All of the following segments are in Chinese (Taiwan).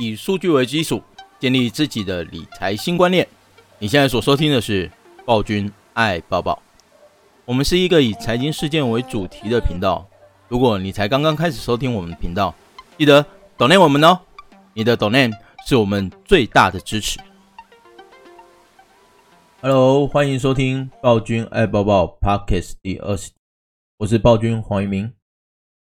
以數據為基礎，建立自己的理財新觀念。你現在所收聽的是《暴君愛抱抱》，我們是一個以財經事件為主題的頻道。如果你才剛剛開始收聽我們的頻道，記得 donate 我們哦，你的 donate 是我們最大的支持。Hello，歡迎收聽《暴君愛抱抱》Podcast 第二十，我是暴君黃一鳴，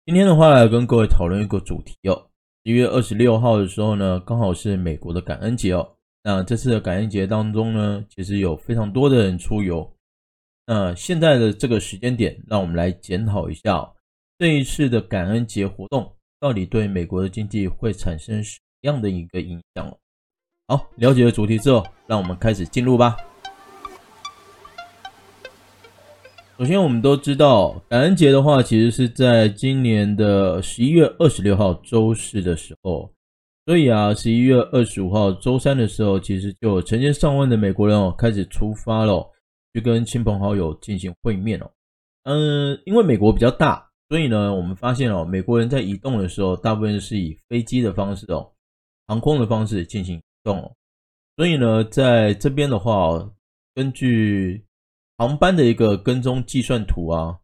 今天的話來跟各位討論一個主題哦。十一月二十六號的時候呢，剛好是美國的感恩節哦。那這次的感恩節當中呢，其實有非常多的人出遊。那現在的這個時間點，讓我們來檢討一下哦，這一次的感恩節活動到底對美國的經濟會產生什麼樣的一個影響哦。好，了解了主題之後，讓我們開始進入吧。首先，我們都知道感恩節的話，其實是在今年的十一月二十六號周四的時候。所以啊，十一月二十五號周三的時候，其實就成千上萬的美國人哦，開始出發了，去跟親朋好友進行會面哦。嗯，因為美國比較大，所以呢，我們發現哦，美國人在移動的時候，大部分是以飛機的方式哦，航空的方式進行移動哦。所以呢，在這邊的話，根據。航班的一個跟蹤計算圖啊，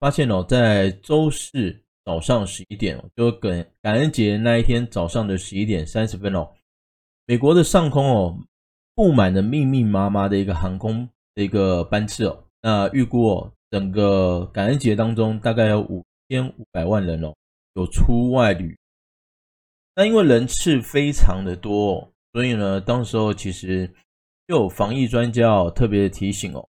發現哦，在周四早上十一點，就感感恩節那一天早上的十一點三十分哦，美國的上空哦，佈滿了密密麻麻的一個航空的一個班次哦。那預估哦，整個感恩節當中，大概有五千五百萬人哦，有出外旅。那因為人次非常的多哦，所以呢，當時候其實就有防疫專家哦，特別的提醒哦。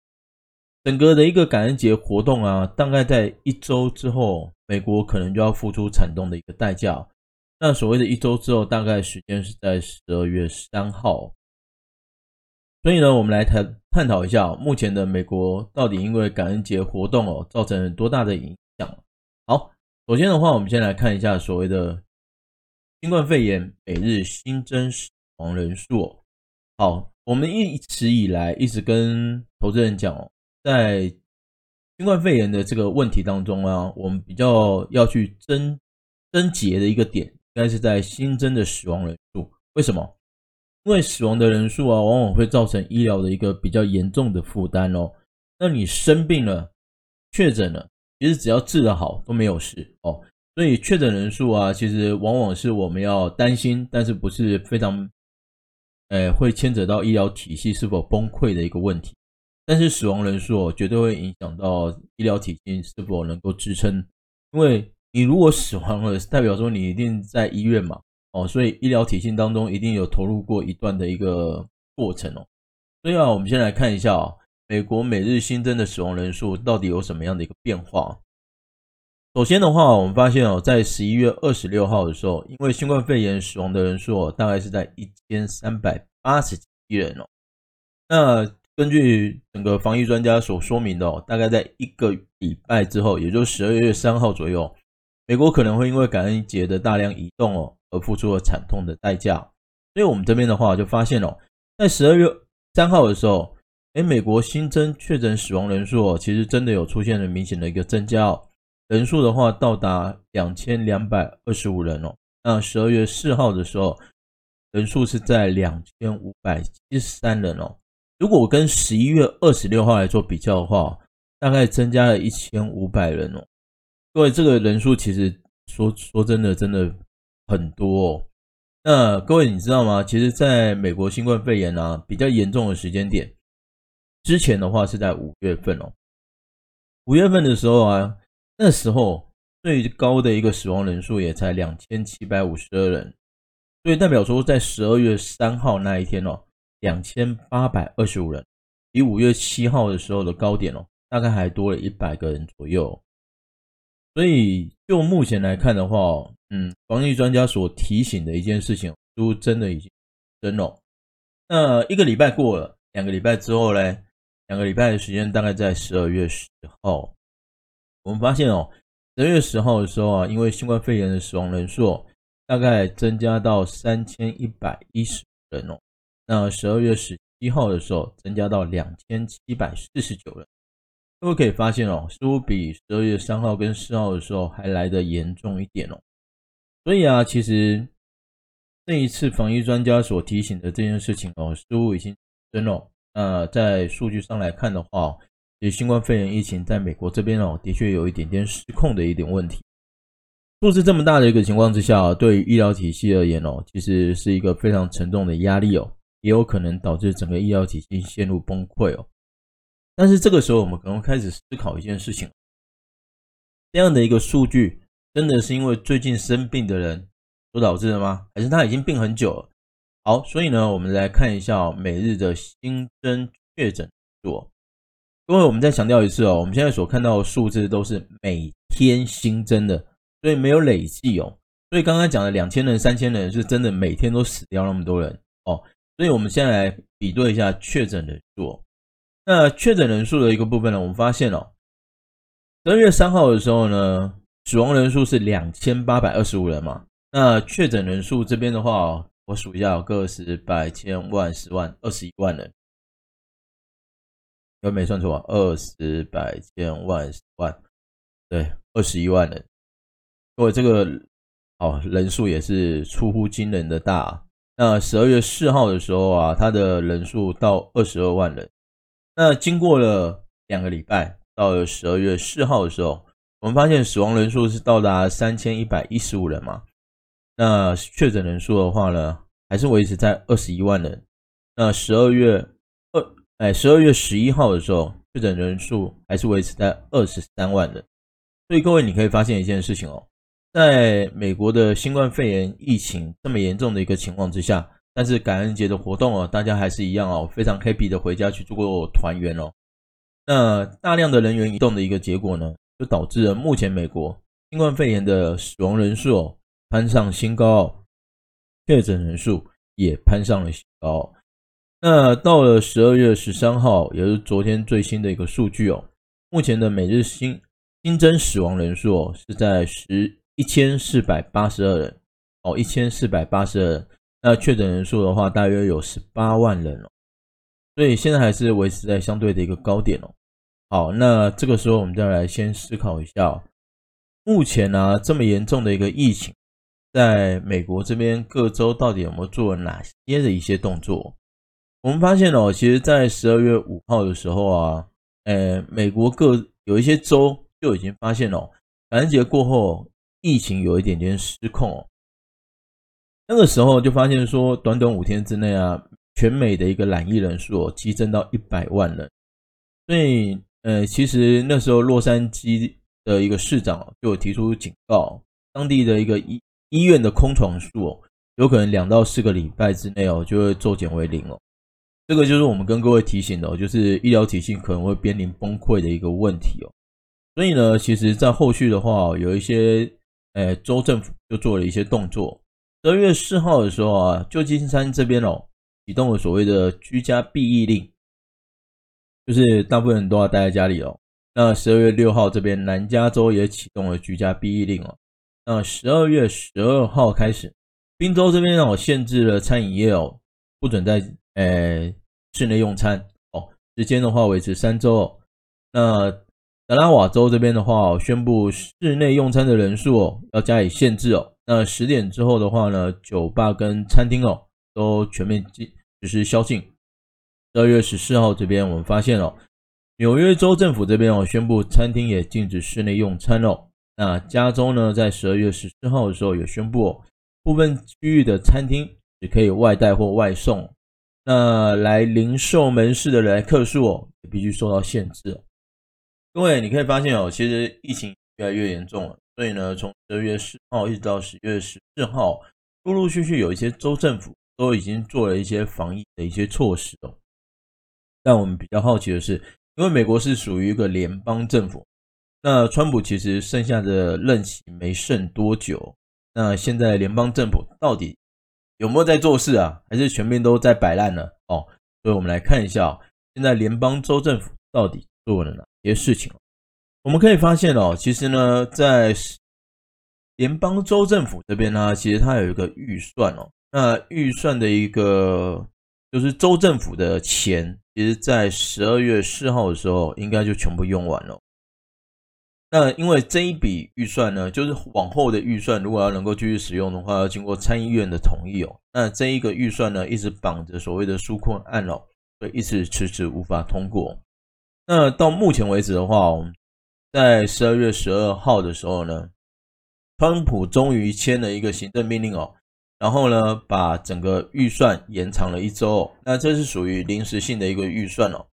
整個的一個感恩節活動啊，大概在一周之後，美國可能就要付出慘重的一個代價。那所謂的一周之後，大概時間是在十二月三號。所以呢，我們來探探討一下，目前的美國到底因為感恩節活動哦，造成了多大的影響？好，首先的話，我們先來看一下所謂的新冠肺炎每日新增死亡人數。好，我們一直以來一直跟投資人講哦，在新冠肺炎的這個問題當中啊，我們比較要去癥癥結的一個點，應該是在新增的死亡人數。為什麼？因為死亡的人數啊，往往會造成醫療的一個比較嚴重的負擔哦。那你生病了、確診了，其實只要治得好都沒有事哦。所以確診人數啊，其實往往是我們要擔心，但是不是非常，呃，會牽扯到醫療體系是否崩潰的一個問題。但是死亡人數絕對會影響到醫療體系是否能夠支撐。因為你如果死亡了，代表說你一定在醫院嘛，哦，所以醫療體系當中一定有投入過一段的一個過程哦。所以啊，我們先來看一下美國每日新增的死亡人數到底有什麼樣的一個變化。首先的話，我們發現哦，在十一月二十六號的時候，因為新冠肺炎死亡的人數大概是在一千三百八十七人哦，那。根據整個防疫專家所說明的哦，大概在一個禮拜之後，也就是十二月三號左右，美國可能會因為感恩節的大量移動哦，而付出了慘痛的代價。所以我們這邊的話就發現哦，在十二月三號的時候，誒，美國新增確診死亡人數哦，其實真的有出現了明顯的一個增加哦，人數的話到達兩千兩百二十五人哦。那十二月四號的時候，人數是在兩千五百七十三人哦。如果我跟十一月二十六號來做比較的話，大概增加了一千五百人哦。各位，這個人數其實說說真的，真的很多哦。那各位，你知道嗎？其實，在美國新冠肺炎啊比較嚴重的時間點，之前的話是在五月份哦。五月份的時候啊，那時候最高的一個死亡人數也才兩千七百五十二人，所以代表說，在十二月三號那一天哦。兩千八百二十五人，比五月七號的時候的高點哦，大概還多了一百個人左右。所以就目前來看的話，嗯，防疫專家所提醒的一件事情，都真的已經真了。那一個禮拜過了，兩個禮拜之後呢，兩個禮拜的時間大概在十二月十號，我們發現哦，十二月十號的時候啊，因為新冠肺炎的死亡人數大概增加到三千一百一十人哦。那十二月十七號的時候，增加到兩千七百四十九人，各位可以發現哦，似乎比十二月三號跟四號的時候還來得嚴重一點哦。所以啊，其實這一次防疫專家所提醒的這件事情哦，似乎已經成真了。那、呃、在數據上來看的話，其實新冠肺炎疫情在美國這邊哦，的確有一點點失控的一點問題。數字這麼大的一個情況之下，對於醫療體系而言哦，其實是一個非常沉重的壓力哦。也有可能導致整個醫療體系陷入崩潰哦。但是這個時候，我們可能開始思考一件事情：這樣的一個數據，真的是因為最近生病的人所導致的嗎？還是他已經病很久了？好，所以呢，我們來看一下、哦、每日的新增確診數。因為我們再強調一次哦，我們現在所看到的數字都是每天新增的，所以沒有累計哦。所以剛剛講的兩千人、三千人，是真的每天都死掉那麼多人哦。所以，我們先來比對一下確診人數。那確診人數的一個部分呢，我們發現哦，十二月三號的時候呢，死亡人數是兩千八百二十五人嘛。那確診人數這邊的話、哦，我數一下、哦，個十、百、千、萬、十萬、二十一萬人，有沒有算錯、啊？二十、百、千、萬、十萬，對，二十一萬人。各位這個哦，人數也是出乎驚人的大、啊。那十二月四號的時候啊，它的人數到二十二萬人。那經過了兩個禮拜，到了十二月四號的時候，我們發現死亡人數是到達三千一百一十五人嘛。那確診人數的話呢，還是維持在二十一萬人。那十二月二哎，十二月十一號的時候，確診人數還是維持在二十三萬人。所以各位，你可以發現一件事情哦。在美國的新冠肺炎疫情這麼嚴重的一個情況之下，但是感恩節的活動哦、啊，大家還是一樣哦、啊，非常 happy 的回家去做個團圓哦。那大量的人員移動的一個結果呢，就導致了目前美國新冠肺炎的死亡人數哦攀上新高、哦，確診人數也攀上了新高、哦。那到了十二月十三號，也是昨天最新的一個數據哦，目前的每日新新增死亡人數哦是在十。一千四百八十二人哦，一千四百八十二人。那確診人數的話，大約有十八萬人哦。所以現在還是維持在相對的一個高點哦。好，那這個時候我們再來先思考一下、哦，目前呢、啊、這麼嚴重的一個疫情，在美國這邊各州到底有沒有做了哪些的一些動作？我們發現哦，其實在十二月五號的時候啊，誒，美國各有一些州就已經發現哦，感恩節過後。疫情有一點點失控哦，那個時候就發現說，短短五天之內啊，全美的一個染疫人數、哦、激增到一百萬人，所以呃，其實那時候洛杉磯的一個市長就有提出警告，當地的一個醫醫院的空床數、哦、有可能兩到四個禮拜之內哦就會驟減為零哦，這個就是我們跟各位提醒的，就是醫療體系可能會瀕臨崩潰的一個問題哦，所以呢，其實在後續的話、哦，有一些。哎，州政府就做了一些動作。十二月四號的時候啊，舊金山這邊哦啟動了所謂的居家避疫令，就是大部分人都要待在家裡哦。那十二月六號這邊南加州也啟動了居家避疫令哦。那十二月十二號開始，賓州這邊哦限制了餐飲業哦，不准在哎室內用餐哦，時間的話維持三周哦。那德拉瓦州這邊的話，宣布室內用餐的人數哦要加以限制哦。那十點之後的話呢，酒吧跟餐廳哦都全面禁實施宵禁。十二月十四號這邊，我們發現哦，紐約州政府這邊哦宣布餐廳也禁止室內用餐哦。那加州呢，在十二月十四號的時候也宣布哦，部分區域的餐廳只可以外帶或外送。那來零售門市的來客數哦，也必須受到限制。各位，你可以發現哦，其實疫情越來越嚴重了。所以呢，從十二月10號一直到十月十四號，陸陸續續有一些州政府都已經做了一些防疫的一些措施哦。但我們比較好奇的是，因為美國是屬於一個聯邦政府，那川普其實剩下的任期沒剩多久。那現在聯邦政府到底有沒有在做事啊？還是全面都在擺爛呢？哦，所以我們來看一下，哦，現在聯邦州政府到底做了哪？些事情我們可以發現哦，其實呢，在聯邦州政府這邊呢，其實它有一個預算哦。那預算的一個就是州政府的錢，其實在十二月四號的時候，應該就全部用完了。那因為這一筆預算呢，就是往後的預算，如果要能夠繼續使用的話，要經過參議院的同意哦。那這一個預算呢，一直綁着所謂的紓困案哦，所以一直遲遲無法通過。那到目前為止的話，哦，在十二月十二號的時候呢，川普終於簽了一個行政命令哦，然後呢，把整個預算延長了一週哦。那這是屬於臨時性的一個預算哦。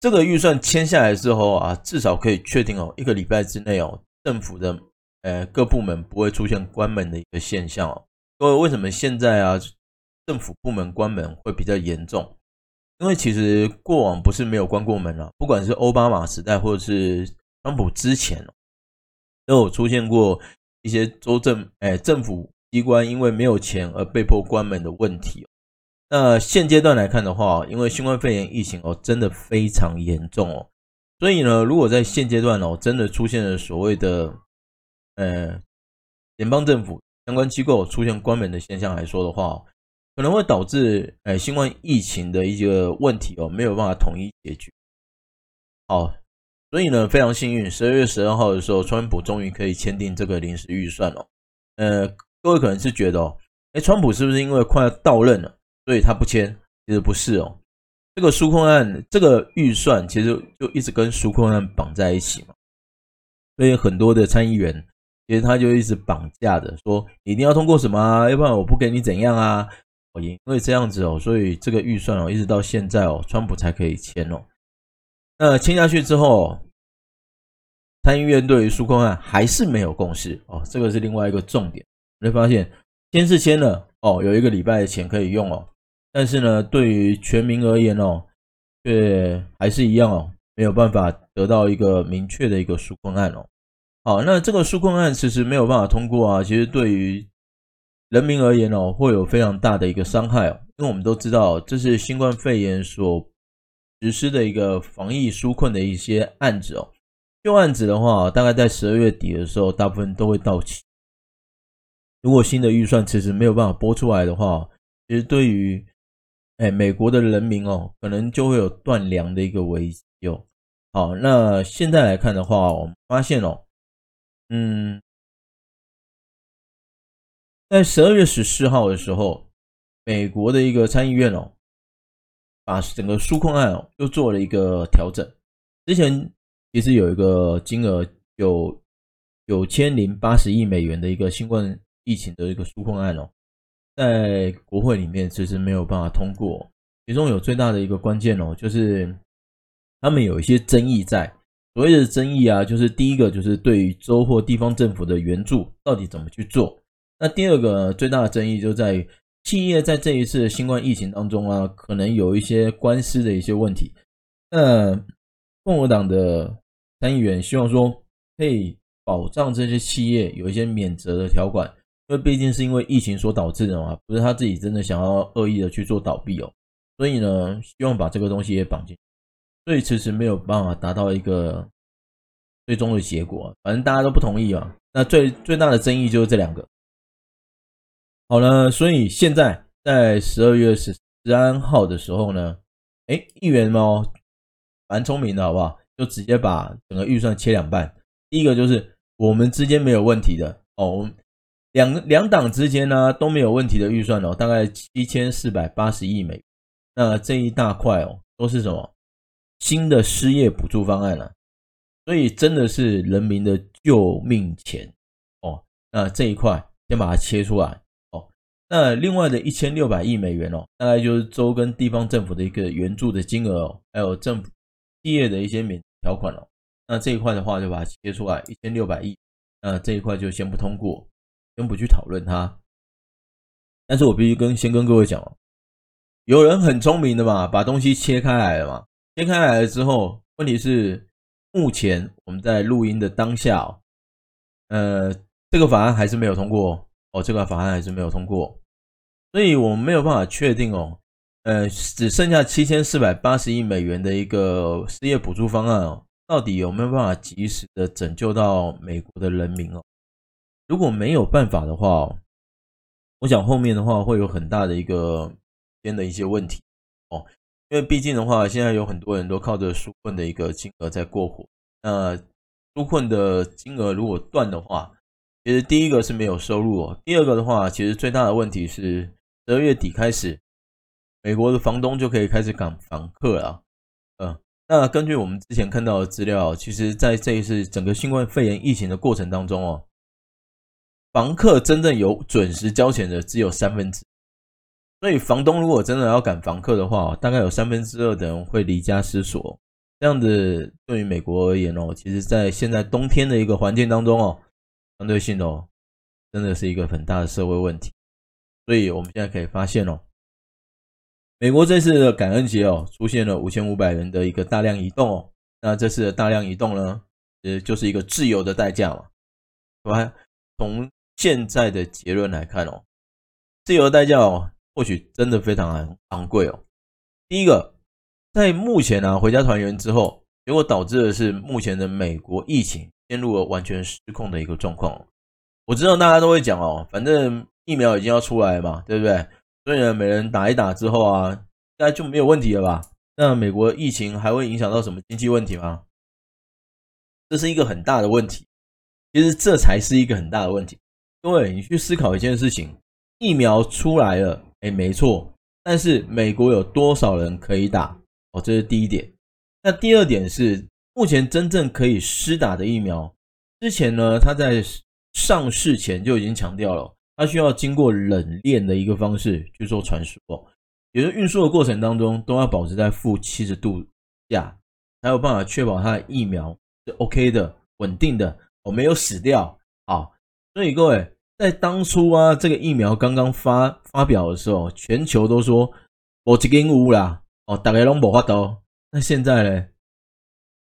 這個預算簽下來之後啊，至少可以確定哦，一個禮拜之內哦，政府的呃各部門不會出現關門的一個現象哦。所以為什麼現在啊，政府部門關門會比較嚴重？因為其實過往不是沒有關過門啊，不管是歐巴馬時代或者是川普之前，都有出現過一些州政、哎、政府機關因為沒有錢而被迫關門的問題。那現階段來看的話，因為新冠肺炎疫情哦，真的非常嚴重哦，所以呢，如果在現階段哦，真的出現了所謂的呃聯邦政府相關機構出現關門的現象來說的話。可能會導致哎新冠疫情的一個問題哦，沒有辦法統一解決。好，所以呢，非常幸運，十二月十二號的時候，川普終於可以簽訂這個臨時預算了哦。呃，各位可能是覺得哦，哎，川普是不是因為快要到任了，所以他不簽？其實不是哦，這個紓困案，這個預算其實就一直跟紓困案綁在一起嘛。所以很多的參議員，其實他就一直綁架著，說一定要通過什麼啊，要不然我不給你怎樣啊。哦，因為這樣子哦，所以這個預算哦，一直到現在哦，川普才可以簽哦。那簽下去之後，參議院對於紓困案還是沒有共識哦，這個是另外一個重點。你會發現，簽是簽了哦，有一個禮拜的錢可以用哦，但是呢，對於全民而言哦，卻還是一樣哦，沒有辦法得到一個明確的一個紓困案哦。好，那這個紓困案其實沒有辦法通過啊，其實對於人民而言哦，會有非常大的一個傷害哦，因為我們都知道，這是新冠肺炎所實施的一個防疫紓困的一些案子哦。舊案子的話，大概在十二月底的時候，大部分都會到期。如果新的預算其實沒有辦法撥出來的話，其實對於哎美國的人民哦，可能就會有斷糧的一個危機哦。好，那現在來看的話，我們發現哦，嗯。在十二月十四號的時候，美國的一個參議院哦，把整個紓困案哦又做了一個調整。之前其實有一個金額有九千零八十億美元的一個新冠疫情的一個紓困案哦，在國會裡面其實沒有辦法通過。其中有最大的一個關鍵哦，就是他們有一些爭議在。所謂的爭議啊，就是第一個就是對於州或地方政府的援助到底怎麼去做。那第二個最大的爭議就在於企業在這一次的新冠疫情當中啊，可能有一些官司的一些問題。那共和黨的參議員希望說可以保障這些企業有一些免責的條款，因為畢竟是因為疫情所導致的嘛，不是他自己真的想要惡意的去做倒閉哦。所以呢，希望把這個東西也綁進去，所以遲遲沒有辦法達到一個最終的結果。反正大家都不同意啊，那最最大的爭議就是這兩個。好了，所以現在在十二月十三號的時候呢，誒，議員嘛，蠻聰明的，好不好？就直接把整個預算切兩半。第一個就是我們之間沒有問題的哦，兩兩黨之間呢都沒有問題的預算哦，大概七千四百八十億美。那這一大塊哦，都是什麼新的失業補助方案了啊？所以真的是人民的救命錢哦。那這一塊先把它切出來。那另外的一千六百億美元哦，大概就是州跟地方政府的一個援助的金額哦，還有政府企業的一些免條款哦。那這一塊的話，就把它切出來一千六百億。那這一塊就先不通過，先不去討論它。但是我必須跟先跟各位講哦，有人很聰明的嘛，把東西切開來了嘛，切開來了之後，問題是目前我們在錄音的當下，哦，呃，這個法案還是沒有通過哦，這個法案還是沒有通過。所以我們沒有辦法確定哦，呃，只剩下七千四百八十億美元的一個失業補助方案哦，到底有沒有辦法及時的拯救到美國的人民哦？如果沒有辦法的話，我想後面的話會有很大的一個邊的一些問題哦，因為畢竟的話，現在有很多人都靠着紓困的一個金額在過活，那紓困的金額如果斷的話，其實第一個是沒有收入哦，第二個的話，其實最大的問題是。十二月底開始，美國的房東就可以開始趕房客了。嗯，那根據我們之前看到的資料，其實在這一次整個新冠肺炎疫情的過程當中哦，房客真正有準時交錢的只有三分之一。所以房東如果真的要趕房客的話，大概有三分之二的人會離家失所。這樣子對於美國而言哦，其實在現在冬天的一個環境當中哦，相對性哦，真的是一個很大的社會問題。所以，我們現在可以發現哦，美國這次的感恩節哦，出現了五千五百人的一個大量移動哦。那這次的大量移動呢，呃，就是一個自由的代價嘛。來，從現在的結論來看哦，自由的代價哦，或許真的非常昂昂貴哦。第一個，在目前呢、啊，回家團圓之後，結果導致的是目前的美國疫情陷入了完全失控的一個狀況。我知道大家都會講哦，反正。疫苗已經要出來了嘛，對不對？所以呢，每人打一打之後啊，大家就沒有問題了吧？那美國疫情還會影響到什麼經濟問題嗎？這是一個很大的問題。其實這才是一個很大的問題，各位，你去思考一件事情：疫苗出來了，哎，沒錯。但是美國有多少人可以打？哦，這是第一點。那第二點是，目前真正可以施打的疫苗，之前呢，它在上市前就已經強調了。它需要經過冷鏈的一個方式去做傳輸，也就是運輸的過程當中都要保持在負七十度下，才有辦法確保它的疫苗是 OK 的、穩定的，我、哦、沒有死掉啊。所以各位在當初啊，這個疫苗剛剛發發表的時候，全球都說我已經無啦，哦，大家都沒法度。那現在呢？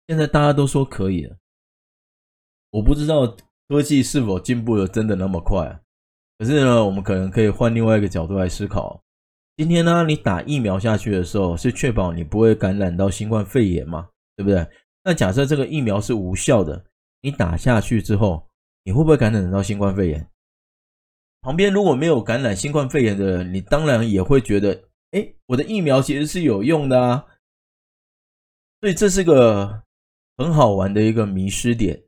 現在大家都說可以了，我不知道科技是否進步的真的那麼快、啊。可是呢，我們可能可以換另外一個角度來思考。今天呢、啊，你打疫苗下去的時候，是確保你不會感染到新冠肺炎嘛？對不對？那假設這個疫苗是無效的，你打下去之後，你會不會感染到新冠肺炎？旁邊如果沒有感染新冠肺炎的人，你當然也會覺得，哎、欸，我的疫苗其實是有用的啊。所以這是個很好玩的一個迷失點。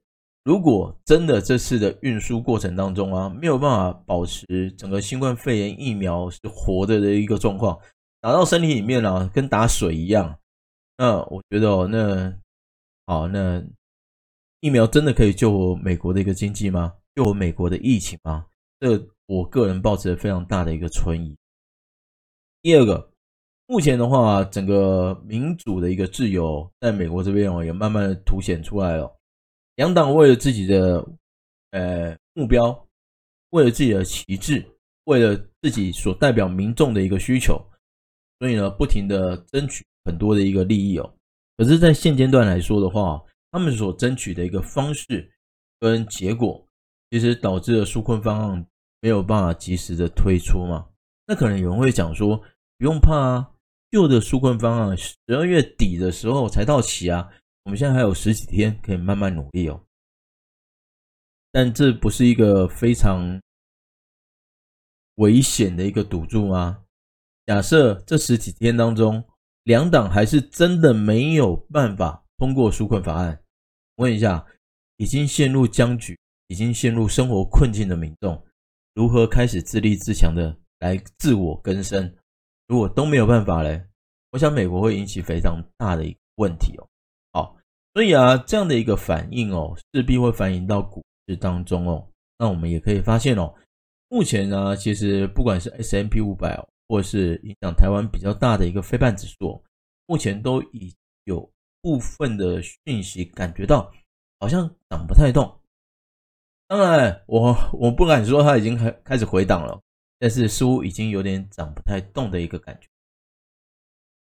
如果真的這次的運輸過程當中啊，沒有辦法保持整個新冠肺炎疫苗是活著的一個狀況，打到身體裡面啊，跟打水一樣，那我覺得哦，那好，那疫苗真的可以救活美國的一個經濟嗎？救活美國的疫情嗎？這我個人抱持的非常大的一個存疑。第二個，目前的話，整個民主的一個自由在美國這邊哦，也慢慢的凸顯出來了。兩黨為了自己的呃目標，為了自己的旗幟，為了自己所代表民眾的一個需求，所以呢，不停的爭取很多的一個利益哦。可是，在現階段來說的話，他們所爭取的一個方式跟結果，其實導致了紓困方案沒有辦法及時的推出嘛。那可能有人會講說，不用怕啊，舊的紓困方案十二月底的時候才到期啊。我們現在還有十幾天可以慢慢努力哦，但這不是一個非常危險的一個賭注嗎？假設這十幾天當中，兩黨還是真的沒有辦法通過紓困法案，問一下，已經陷入僵局、已經陷入生活困境的民眾，如何開始自立自強的來自我更生？如果都沒有辦法嘞，我想美國會引起非常大的一個問題哦。所以啊，這樣的一個反應哦，勢必會反映到股市當中哦。那我們也可以發現哦，目前呢、啊，其實不管是 S&P 500哦，或是影響台灣比較大的一個費半指數、哦，目前都已有部分的訊息感覺到好像漲不太動。當然我，我我不敢說它已經開開始回檔了，但是似乎已經有點漲不太動的一個感覺。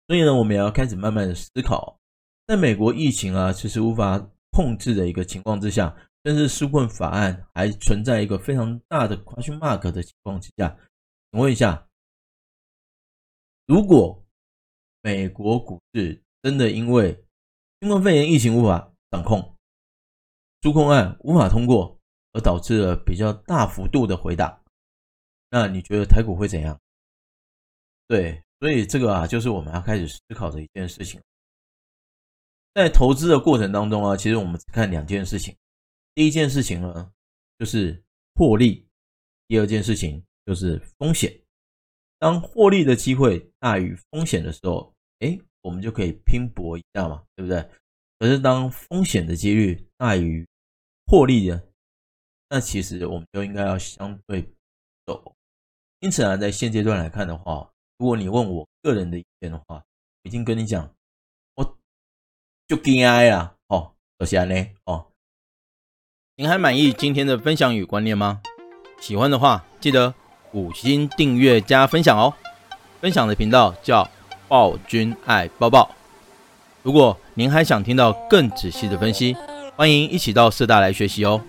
所以呢，我們也要開始慢慢的思考。在美國疫情啊，其實無法控制的一個情況之下，甚至紓困法案還存在一個非常大的 question mark 的情況之下，請問一下，如果美國股市真的因為新冠肺炎疫情無法掌控，紓困案無法通過，而導致了比較大幅度的回檔，那你覺得台股會怎樣？對，所以這個啊，就是我們要開始思考的一件事情。在投資的過程當中啊，其實我們只看兩件事情。第一件事情呢，就是獲利；第二件事情就是風險。當獲利的機會大於風險的時候，誒、欸，我們就可以拼搏一下嘛，對不對？可是當風險的幾率大於獲利的，那其實我們就應該要相對保守。因此啊，在現階段來看的話，如果你問我個人的意見的話，我已經跟你講。就驚挨了，哦，多謝您哦。您還滿意今天的分享與觀念嗎？喜歡的話，記得五星訂閱加分享哦。分享的頻道叫暴君愛爆爆！如果您還想聽到更仔細的分析，歡迎一起到社大來學習哦。